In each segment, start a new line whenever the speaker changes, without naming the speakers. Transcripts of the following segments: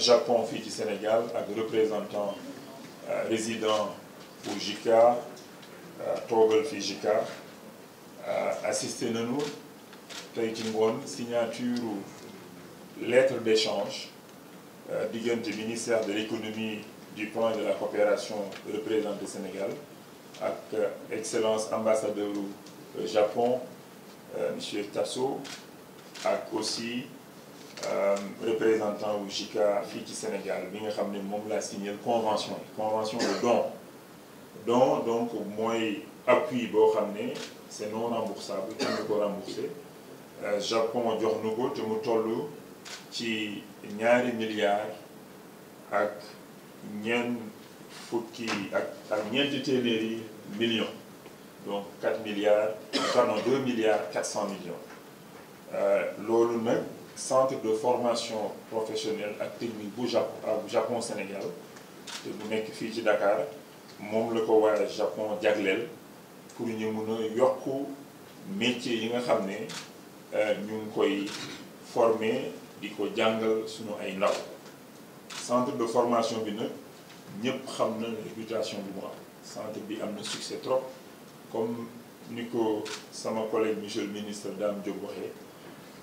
Japon fii du Sénégal avec représentant euh, résident au JICA euh, toogal JICA euh, assisté à nous, signature signature lettre d'échange du ministère de l'économie du plan de la coopération du Sénégal avec excellence ambassadeur Japon M. Tasso avec aussi euh, représentant wu JICA fii ci Sénégal bi nga xam ne convention, laa signé convention convention de don don donc mooy appui boo xam c'est non remboursable kenn du ko remboursé euh, Japon jox nu ko te mu toll ci ñaari milliards ak ñeent fukki ak ak ñeenti millions donc 4 milliards pardon 2 milliards 400 millions euh, loolu nag centre de formation professionnelle ak technique au Japon Sénégal de bu nekk ci Dakar mom le ko Japon diaglel pour ñu mun a métier yi nga xamné euh ñu koy former diko jangal jàngal suñu ay ndaw centre de formation bi nag ñëpp xam na réputation bi am centre bi am na succès trop comme niko sama collègue monsieur ministre Dame Diop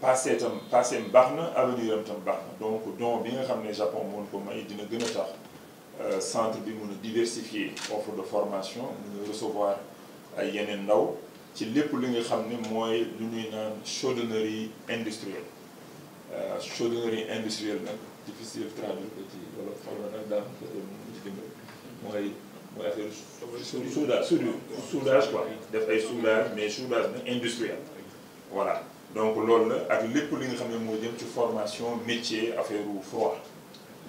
passé itam passé mu baax na avenir am tam baax donc don bi nga xamné Japon moom ko may dina gëna tax euh centre bi mëna diversifier offre de formation mu recevoir ay yeneen ndaw ci lépp li nga xamné moy lu ñuy naan chaudonnerie industrielle euh chaudonnerie industrielle nag difficile traduire ko ci wala xaw nak nag moy moy ci dimbali mooy mooy affaire soudage soudage quoi def ay soudage mais soudage industriel voilà donc loolu la ak lépp li nga xam ne moo jëm ci formation métier affaire froid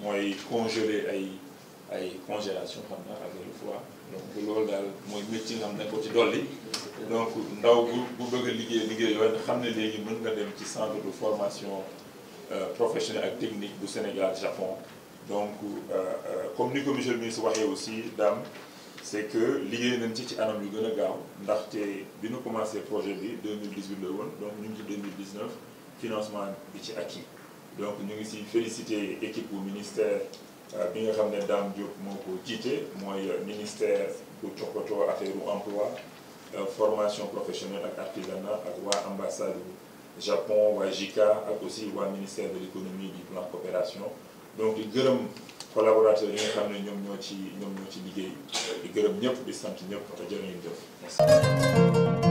mooy congeler ay ay congélation xam na affaire froid donc loolu daal mooy métier nga xam ne ko ci dolli donc ndaw bu bu bëgg a liggéey liggéey yooyu xam ne léegi mën nga dem ci centre de formation euh, professionnelle ak technique bu Sénégal Japon donc euh, euh, comme ni ko monsieur le ministre waxee aussi daam c'est que l'idée de ci ci anam yu gën a gaaw bi projet bi 2018 la donc ñu 2019 financement bi ci acquis donc nous ngi féliciter félicité équipe bu ministère euh, bien nga xam ne Dame Diop Moko ko jiite le ministère bu toppatoo affaire emploi euh, formation professionnelle et artisanat ak waa ambassade du Japon waa JICA aussi waa ministère de l'économie du plan coopération donc di collaborateur yi nga xam ne ñoom ñoo ci ñoom ci liggéey di gërëm ñëpp di sant ñëpp jërë ngeen jëf